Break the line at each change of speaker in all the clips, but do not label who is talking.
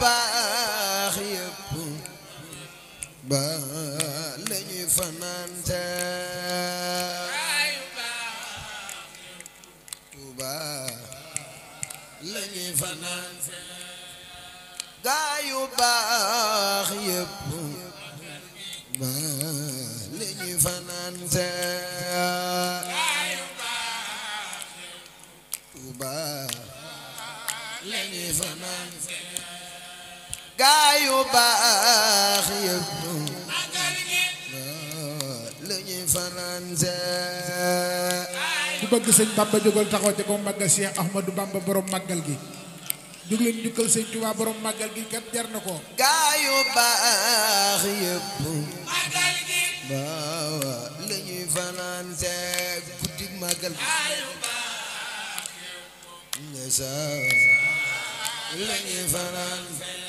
baax yëpp ba lañuy fanaante Tuuba lañuy fanaante baax yëpp ba lañuy fanaante Tuuba gaayu baax yëpp magal gi la màggal gi jóg leen jukkal sëñ Touba gi kat jar na ko gaayu baax yëpp magal gi gi la ñuy faranse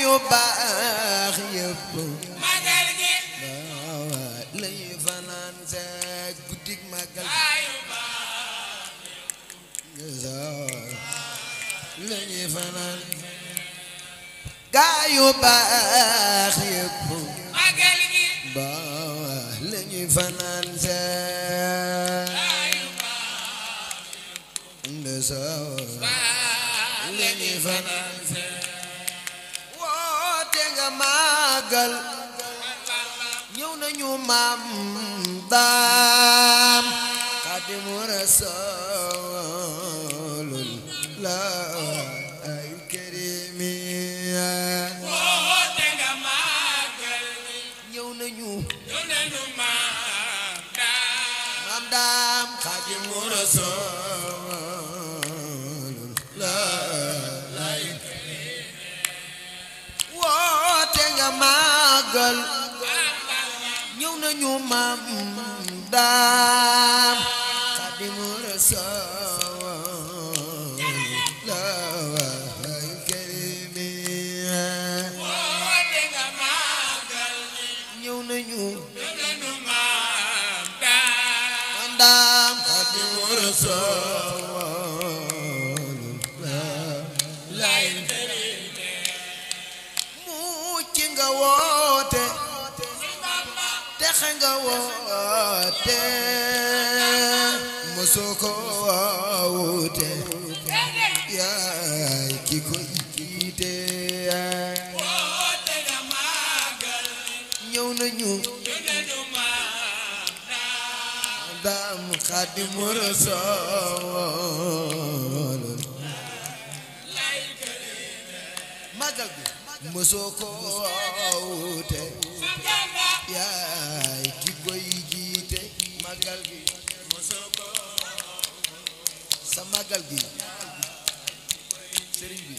yu fanaan sa guddig magal yu baax lay fanaan gaa yu baax yëpp magal gi fanaan sa màggal ñëw nañu maam daam xadimu rasulullah ay karimi woote nga màggal ñëw nañu ñëw nañu maam daam xadimu rasul màggal ñëw nañu maam daam Xaadimu Rasuul la way karimi woote nga màggal ñëw nañu maam daam Xaadimu Rasuul nga woote mosoo ko woote yaay ki ko jiite woote nga màggal ñëw nañu daam Xaadimu Rasuul màggal samagal gi sëriñ bi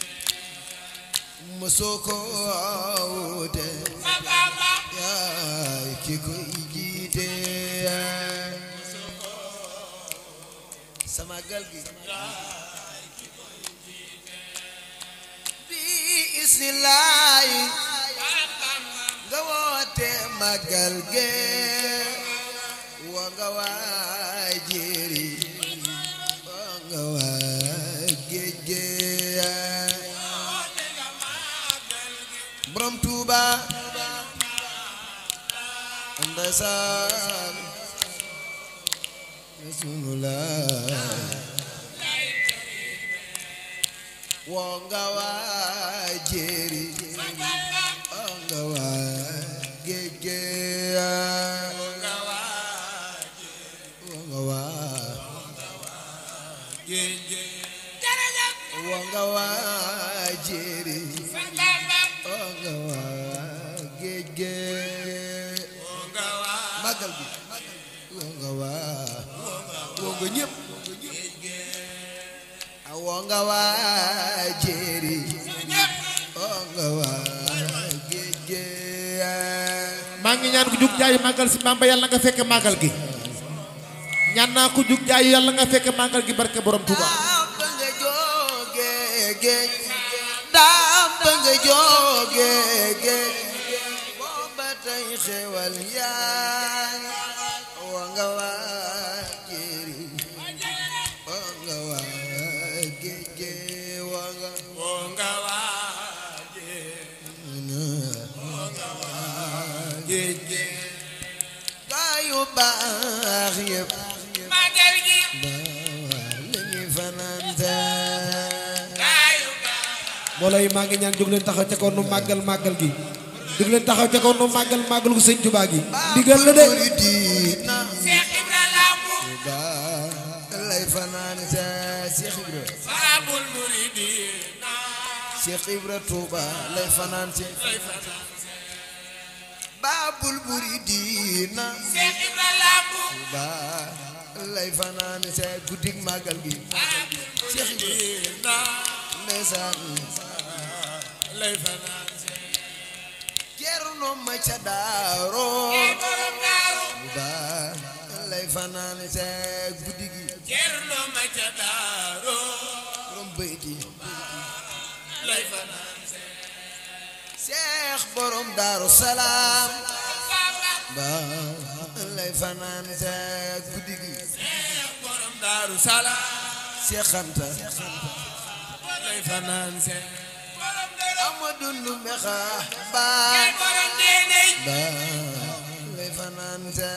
mosoo ko wute yaay ki koy samagal gi bi islaay nga woote magal borom Touba ndeysaan Rasulullah woo nga waa jéeri nga waa jéeri oo nga waa géej maa ñaan ku jug jaayu màggal si Bamba yàlla nga fekk màggal gi ñaan naa ku jug jaayu nga fekk gi barke borom Touba nga xewal wa nga baax yëpp magal gi li maa ngi ñaan jóg leen taxaw ca kaw nu màggal màggal gi jóg leen taxaw ca kaw nu màggal màggal gu sëñ Tuubaa gi digal la de Seex Ibra laamu lay fanaan Seex Ibra baabul baabul muridiina Seex Ibra Lambo Tuuba lay fanaan sa guddik màggal gi Seex Ibra ndeysaan lay fanaan Ceerno ma ca daaro lay fanaan sa guddi gi Ceerno ma ca daaro Seex borom Daaru Salaam ba lay fanaan sa guddi gi Seex borom Daaru Salaam Seex Anta lay fanaan sa Amadu lu mexa ba ba lay fanaan sa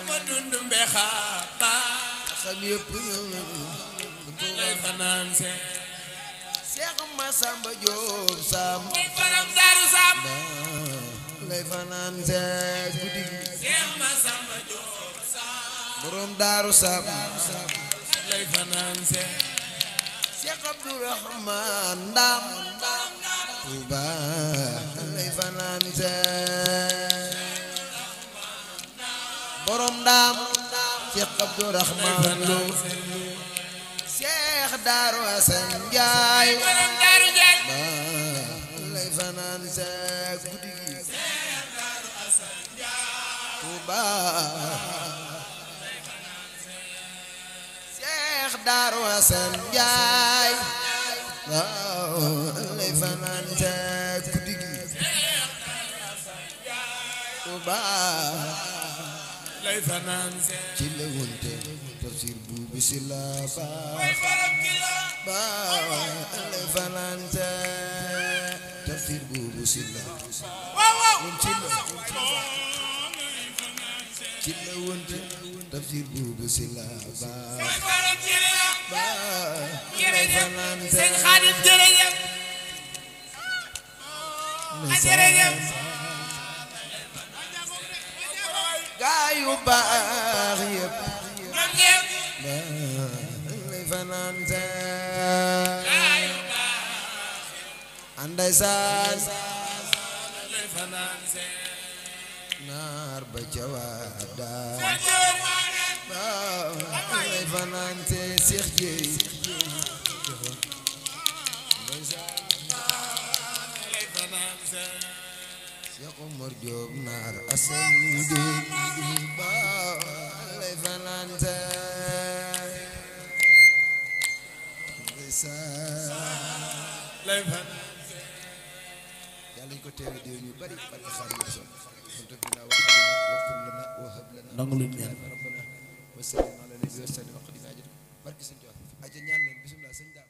Amadu lu mexa ba xam yëpp lay fanaan sa Samba Diop Sam mooy borom Daaru Sam Seex Daaru Asan Njaay waaw lay fanaan ca guddi gi Tuuba lay fanaan ci lewunte tafsir bu bisila ba lay fanaan ca tafsir bu bisila waaw waaw ci la wonte tafsir buubu si la baa baa jërëjëf sëñ Xaadim jërëjëf jërëjëf gaa yu baax yëpp anday saan ba ca waa daa may fanaante Seex Jéey Seex Umar Joob naar asan déey baa lay fanaante lay fanaante yàlla ñu ko teewe déew ñu bari bari xaar yi so nangu luñ ñaan wa sallallahu alayhi wa sallam